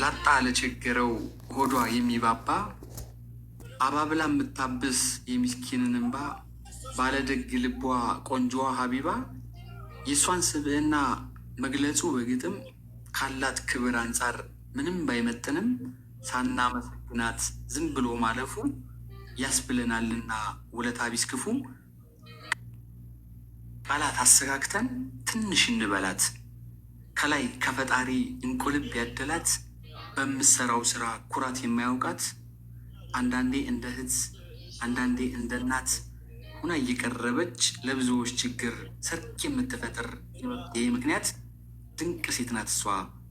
ላጣ ለቸገረው ሆዷ የሚባባ አባብላ የምታብስ የምስኪንን እንባ ባለደግ ልቧ ቆንጆዋ ሀቢባ የእሷን ስብዕና መግለጹ በግጥም ካላት ክብር አንጻር ምንም ባይመጥንም ሳናመሰግናት ዝም ብሎ ማለፉ ያስብለናልና ውለታ ቢስ ክፉ ቃላት አሰጋግተን ትንሽ እንበላት ከላይ ከፈጣሪ እንቁልብ ያደላት በምሰራው ስራ ኩራት የማያውቃት አንዳንዴ እንደ እህት አንዳንዴ እንደ እናት ሁና እየቀረበች ለብዙዎች ችግር ሰርክ የምትፈጥር ይህ ምክንያት ድንቅ ሴት ናት እሷ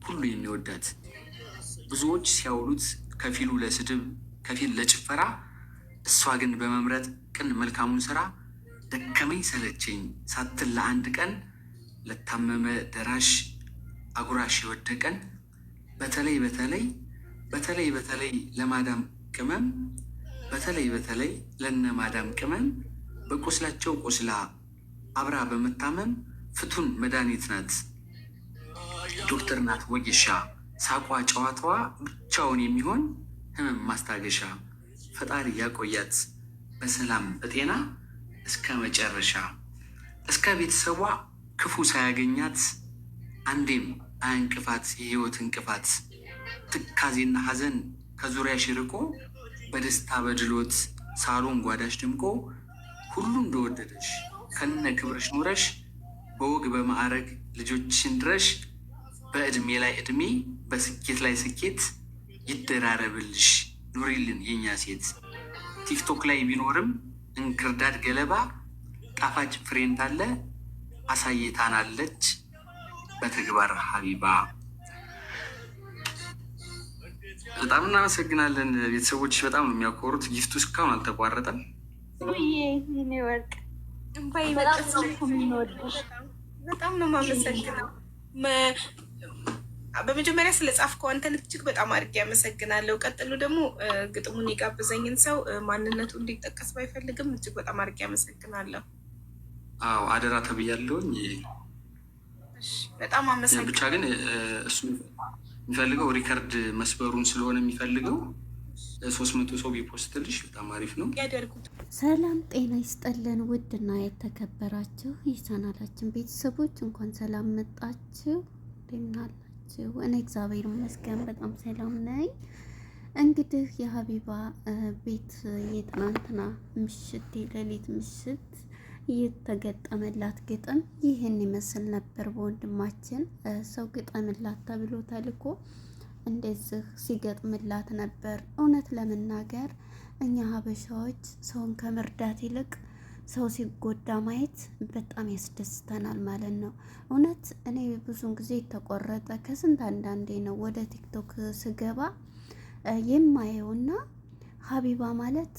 ሁሉ የሚወዳት ብዙዎች ሲያውሉት ከፊሉ ለስድብ ከፊል ለጭፈራ እሷ ግን በመምረጥ ቅን መልካሙን ስራ ደከመኝ ሰለቸኝ ሳትል ለአንድ ቀን ለታመመ ደራሽ አጉራሽ የወደቀን በተለይ በተለይ በተለይ በተለይ ለማዳም ቅመም በተለይ በተለይ ለነ ማዳም ቅመም በቁስላቸው ቁስላ አብራ በመታመም ፍቱን መድኃኒት ናት። ዶክተር ናት ወጌሻ ሳቋ ጨዋታዋ ብቻውን የሚሆን ህመም ማስታገሻ። ፈጣሪ ያቆያት በሰላም በጤና እስከ መጨረሻ እስከ ቤተሰቧ ክፉ ሳያገኛት አንዴም እንቅፋት፣ የህይወት እንቅፋት፣ ትካዜና ሀዘን ከዙሪያ ሽርቆ በደስታ በድሎት ሳሎን ጓዳሽ ድምቆ ሁሉ እንደወደደሽ ከነ ክብረሽ ኑረሽ በወግ በማዕረግ ልጆችን ድረሽ በእድሜ ላይ እድሜ በስኬት ላይ ስኬት ይደራረብልሽ ኑሪልን የኛ ሴት። ቲክቶክ ላይ ቢኖርም እንክርዳድ ገለባ ጣፋጭ ፍሬንድ አለ አሳይታናለች። በተግባር ሀቢባ በጣም እናመሰግናለን። ቤተሰቦች በጣም ነው የሚያኮሩት። ጊፍቱ እስካሁን አልተቋረጠም። በጣም ነው የማመሰግነው። በመጀመሪያ ስለ ጻፍከው አንተን እጅግ በጣም አድርጌ ያመሰግናለሁ። ቀጥሎ ደግሞ ግጥሙን የጋበዘኝን ሰው ማንነቱ እንዲጠቀስ ባይፈልግም እጅግ በጣም አድርጌ ያመሰግናለሁ። አዎ አደራ ተብያለሁኝ። በጣም አመሰግናለሁ። ብቻ ግን እሱ የሚፈልገው ሪከርድ መስበሩን ስለሆነ የሚፈልገው ሶስት መቶ ሰው ቢፖስትልሽ በጣም አሪፍ ነው። ሰላም ጤና ይስጠለን። ውድና የተከበራችሁ የቻናላችን ቤተሰቦች እንኳን ሰላም መጣችሁ። እንደምን አላችሁ? እኔ እግዚአብሔር ይመስገን በጣም ሰላም ነኝ። እንግዲህ የሀቢባ ቤት የትናንትና ምሽት የሌሊት ምሽት የተገጠመላት ግጥም ይህን ይመስል ነበር። በወንድማችን ሰው ግጠምላት ተብሎ ተልኮ እንደዚህ ሲገጥምላት ነበር። እውነት ለመናገር እኛ ሀበሻዎች ሰውን ከመርዳት ይልቅ ሰው ሲጎዳ ማየት በጣም ያስደስተናል ማለት ነው። እውነት እኔ ብዙን ጊዜ የተቆረጠ ከስንት አንዳንዴ ነው ወደ ቲክቶክ ስገባ የማየውና ሀቢባ ማለት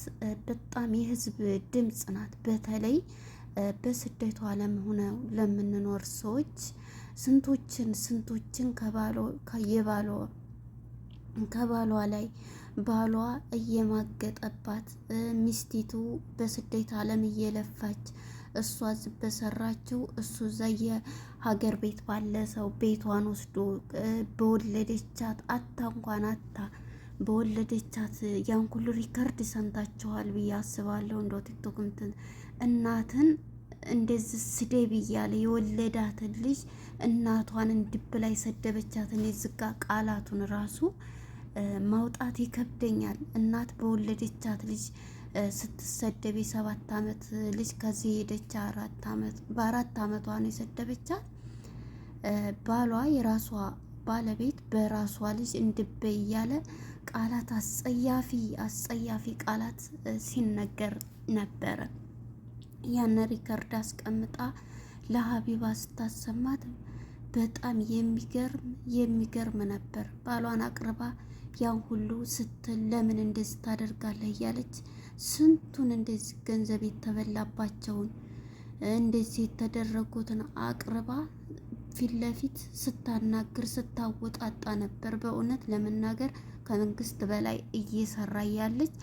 በጣም የህዝብ ድምፅ ናት። በተለይ በስደቱ ዓለም ሆነ ለምንኖር ሰዎች ስንቶችን ስንቶችን ከባሏ ከባሏ ላይ ባሏ እየማገጠባት ሚስቲቱ በስደት ዓለም እየለፋች እሷ በሰራችው እሱ ዘየ ሀገር ቤት ባለ ሰው ቤቷን ወስዶ በወለደቻት አታ እንኳን አታ በወለደቻት ያን ሁሉ ሪከርድ ሰምታችኋል ብዬ አስባለሁ። እንደ እንደው ቲክቶክም እናትን እንደዚህ ስደብ እያለ የወለዳትን ልጅ እናቷን እንድብ ላይ ሰደበቻትን። የዝጋ ቃላቱን ራሱ ማውጣት ይከብደኛል። እናት በወለደቻት ልጅ ስትሰደብ የሰባት አመት ልጅ ከዚህ ሄደች። አራት አመት በአራት አመቷ ነው የሰደበቻት። ባሏ የራሷ ባለቤት በራሷ ልጅ እንድበይ እያለ ቃላት አስጸያፊ አስጸያፊ ቃላት ሲነገር ነበረ። ያን ሪከርድ አስቀምጣ ለሀቢባ ስታሰማት በጣም የሚገርም የሚገርም ነበር። ባሏን አቅርባ ያን ሁሉ ስትል ለምን እንደዚህ ታደርጋለህ እያለች ስንቱን እንደዚህ ገንዘብ የተበላባቸውን እንደዚህ የተደረጉትን አቅርባ ፊት ለፊት ስታናግር ስታወጣጣ ነበር። በእውነት ለመናገር ከመንግስት በላይ እየሰራ ያለች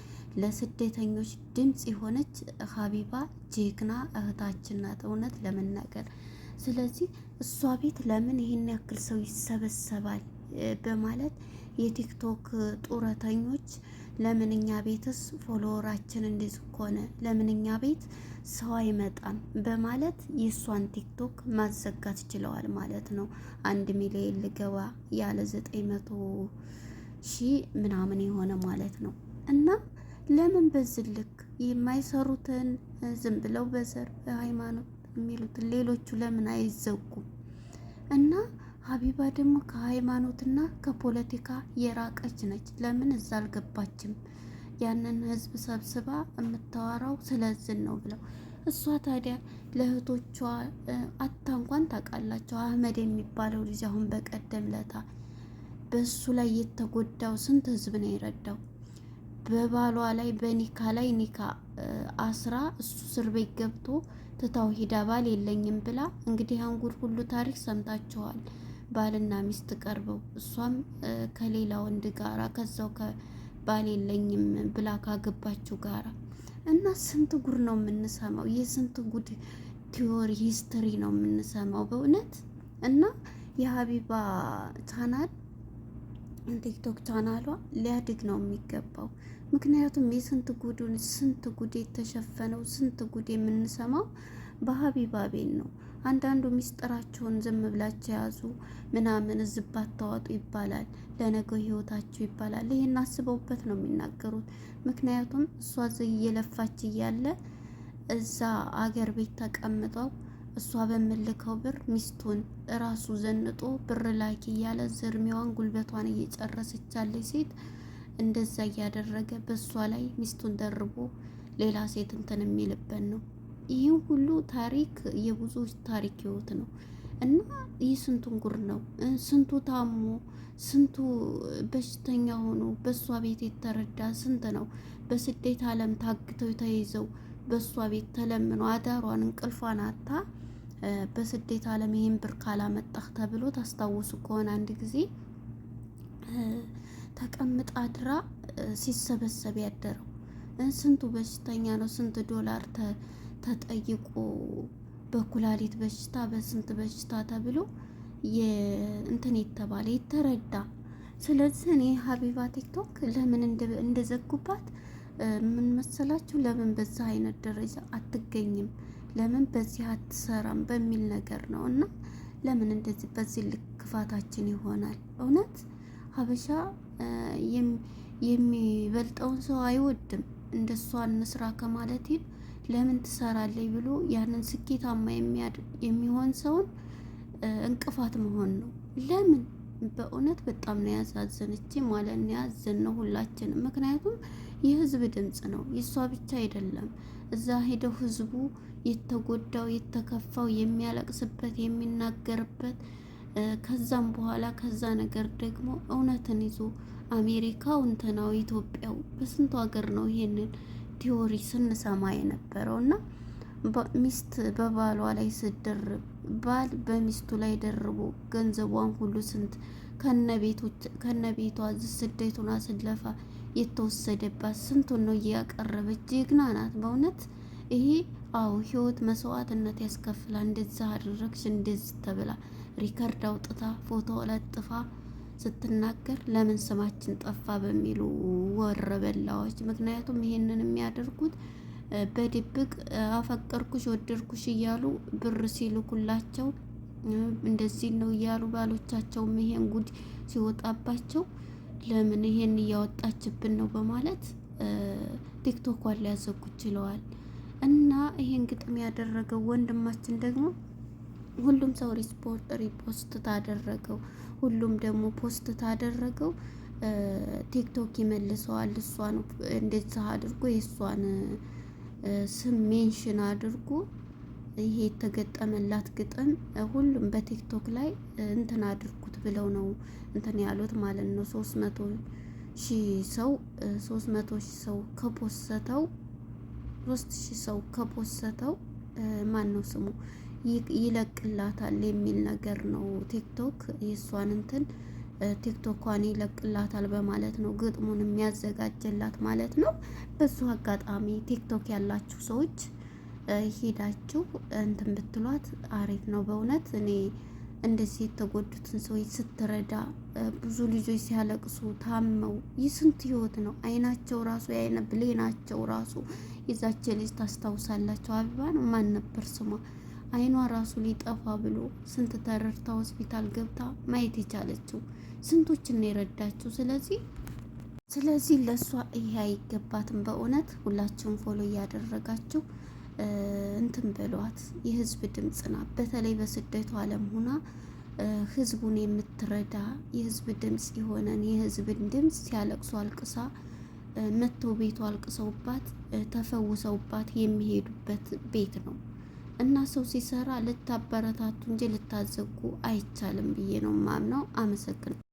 ለስደተኞች ድምፅ የሆነች ሀቢባ ጀግና እህታችን ናት፣ እውነት ለመናገር ስለዚህ እሷ ቤት ለምን ይህን ያክል ሰው ይሰበሰባል? በማለት የቲክቶክ ጡረተኞች ለምንኛ ቤትስ ፎሎወራችን እንደዚህ ሆነ፣ ለምንኛ ቤት ሰው አይመጣም በማለት የእሷን ቲክቶክ ማዘጋት ችለዋል ማለት ነው። አንድ ሚሊዮን ልገባ ያለ ዘጠኝ መቶ ሺህ ምናምን የሆነ ማለት ነው። እና ለምን በዝልክ የማይሰሩትን ዝም ብለው በዘር በሃይማኖት የሚሉትን ሌሎቹ ለምን አይዘጉም እና ሀቢባ ደግሞ ከሃይማኖትና ከፖለቲካ የራቀች ነች። ለምን እዛ አልገባችም? ያንን ህዝብ ሰብስባ የምታወራው ስለዝን ነው ብለው እሷ ታዲያ ለእህቶቿ አታ እንኳን ታውቃላቸው። አህመድ የሚባለው ልጅ አሁን በቀደም ለታ በእሱ ላይ የተጎዳው ስንት ህዝብ ነው የረዳው። በባሏ ላይ በኒካ ላይ ኒካ አስራ እሱ እስር ቤት ገብቶ ትታው ሂዳ ባል የለኝም ብላ እንግዲህ አንጉድ ሁሉ ታሪክ ሰምታችኋል። ባልና ሚስት ቀርበው እሷም ከሌላ ወንድ ጋራ ከዛው ከባል የለኝም ብላ ካገባችው ጋራ እና ስንት ጉድ ነው የምንሰማው። የስንት ጉድ ቲዮሪ ሂስትሪ ነው የምንሰማው በእውነት እና የሀቢባ ቻናል ቲክቶክ ቻናሏ ሊያድግ ነው የሚገባው። ምክንያቱም የስንት ጉዱን ስንት ጉድ የተሸፈነው ስንት ጉድ የምንሰማው በሀቢባ ቤን ነው። አንዳንዱ ሚስጥራቸውን ዝም ብላቸው ያዙ ምናምን ዝባት ተዋጡ ይባላል፣ ለነገው ህይወታቸው ይባላል። ይህን አስበውበት ነው የሚናገሩት። ምክንያቱም እሷ እዚህ እየለፋች እያለ እዛ አገር ቤት ተቀምጠው እሷ በምልከው ብር ሚስቱን እራሱ ዘንጦ ብር ላኪ እያለ ዝርሜዋን ጉልበቷን እየጨረሰች ሴት እንደዛ እያደረገ በእሷ ላይ ሚስቱን ደርቦ ሌላ ሴት እንትን የሚልበት ነው። ይህ ሁሉ ታሪክ የብዙዎች ታሪክ ህይወት ነው እና ይህ ስንቱን ጉር ነው። ስንቱ ታሞ ስንቱ በሽተኛ ሆኖ በእሷ ቤት የተረዳ ስንት ነው። በስደት ዓለም ታግተው ተይዘው በእሷ ቤት ተለምኖ አዳሯን እንቅልፏን አታ በስደት ዓለም ይህን ብር ካላመጣህ ተብሎ ታስታውሱ ከሆነ አንድ ጊዜ ተቀምጣ አድራ ሲሰበሰብ ያደረው ስንቱ በሽተኛ ነው። ስንት ዶላር ተጠይቆ በኩላሊት በሽታ በስንት በሽታ ተብሎ እንትን የተባለ የተረዳ። ስለዚህ እኔ ሀቢባ ቲክቶክ ለምን እንደዘጉባት ምን መሰላችሁ? ለምን በዛ አይነት ደረጃ አትገኝም፣ ለምን በዚህ አትሰራም በሚል ነገር ነው እና ለምን እንደዚህ በዚህ ልክ ክፋታችን ይሆናል? እውነት ሀበሻ የሚበልጠውን ሰው አይወድም። እንደሷ እንስራ ከማለት ለምን ትሰራለች ብሎ ያንን ስኬታማ የሚሆን ሰውን እንቅፋት መሆን ነው። ለምን በእውነት በጣም ነው ያሳዘነች ማለት ነው። ያዘን ነው ሁላችንም። ምክንያቱም የህዝብ ድምፅ ነው፣ የእሷ ብቻ አይደለም። እዛ ሄደው ህዝቡ የተጎዳው የተከፋው የሚያለቅስበት የሚናገርበት ከዛም በኋላ ከዛ ነገር ደግሞ እውነትን ይዞ አሜሪካው እንትናው ኢትዮጵያው በስንቱ ሀገር ነው ይሄንን ቲዮሪ ስንሰማ የነበረው እና ሚስት በባሏ ላይ ስደርብ ባል በሚስቱ ላይ ደርቦ ገንዘቧን ሁሉ ስንት ከነቤቷ ስደቱና ስለፋ የተወሰደባት ስንቱን ነው እያቀረበች ጀግና ናት በእውነት ይሄ አዎ ህይወት መስዋዕትነት ያስከፍላል እንደዛ አደረግሽ እንደዚህ ተብላ ሪከርድ አውጥታ ፎቶ ለጥፋ ስትናገር ለምን ስማችን ጠፋ በሚሉ ወረበላዎች። ምክንያቱም ይሄንን የሚያደርጉት በድብቅ አፈቀርኩሽ፣ ወደድኩሽ እያሉ ብር ሲልኩላቸው እንደዚህ ነው እያሉ ባሎቻቸውም ይሄን ጉድ ሲወጣባቸው ለምን ይሄን እያወጣችብን ነው በማለት ቲክቶኳን ሊያዘጉ ችለዋል። እና ይሄን ግጥም ያደረገው ወንድማችን ደግሞ ሁሉም ሰው ሪስፖርት ሪፖስት ታደረገው። ሁሉም ደግሞ ፖስት ታደረገው። ቲክቶክ ይመልሰዋል። እሷን እንደዚህ አድርጎ የእሷን ስም ሜንሽን አድርጎ ይሄ የተገጠመላት ግጥም ሁሉም በቲክቶክ ላይ እንትን አድርጉት ብለው ነው እንትን ያሉት ማለት ነው። ሶስት መቶ ሺህ ሰው ሶስት መቶ ሺህ ሰው ከፖሰተው ሶስት ሺህ ሰው ከፖሰተው ማን ነው ስሙ ይለቅላታል የሚል ነገር ነው። ቲክቶክ የእሷን እንትን ቲክቶኳን ይለቅላታል በማለት ነው ግጥሙን የሚያዘጋጀላት ማለት ነው። በሱ አጋጣሚ ቲክቶክ ያላችሁ ሰዎች ሄዳችሁ እንትን ብትሏት አሪፍ ነው በእውነት እኔ እንደዚህ የተጎዱትን ሰዎች ስትረዳ ብዙ ልጆች ሲያለቅሱ ታመው ይስንት ህይወት ነው አይናቸው ራሱ የአይነ ብሌናቸው ራሱ የዛች ልጅ ታስታውሳላቸው አበባ ነው ማን ነበር ስሟ አይኗ ራሱ ሊጠፋ ብሎ ስንት ተረድታ ሆስፒታል ገብታ ማየት የቻለችው ስንቶችን ነው የረዳችው። ስለዚህ ስለዚህ ለእሷ ይሄ አይገባትም። በእውነት ሁላችሁም ፎሎ እያደረጋችሁ እንትን በሏት። የህዝብ ድምፅ ናት። በተለይ በስደቱ ዓለም ሆና ህዝቡን የምትረዳ የህዝብ ድምፅ የሆነን የህዝብን ድምፅ ሲያለቅሱ አልቅሳ መጥተው ቤቱ አልቅሰውባት ተፈውሰውባት የሚሄዱበት ቤት ነው። እና ሰው ሲሰራ ልታበረታቱ እንጂ ልታዘጉ አይቻልም ብዬ ነው ማምነው። አመሰግናለሁ።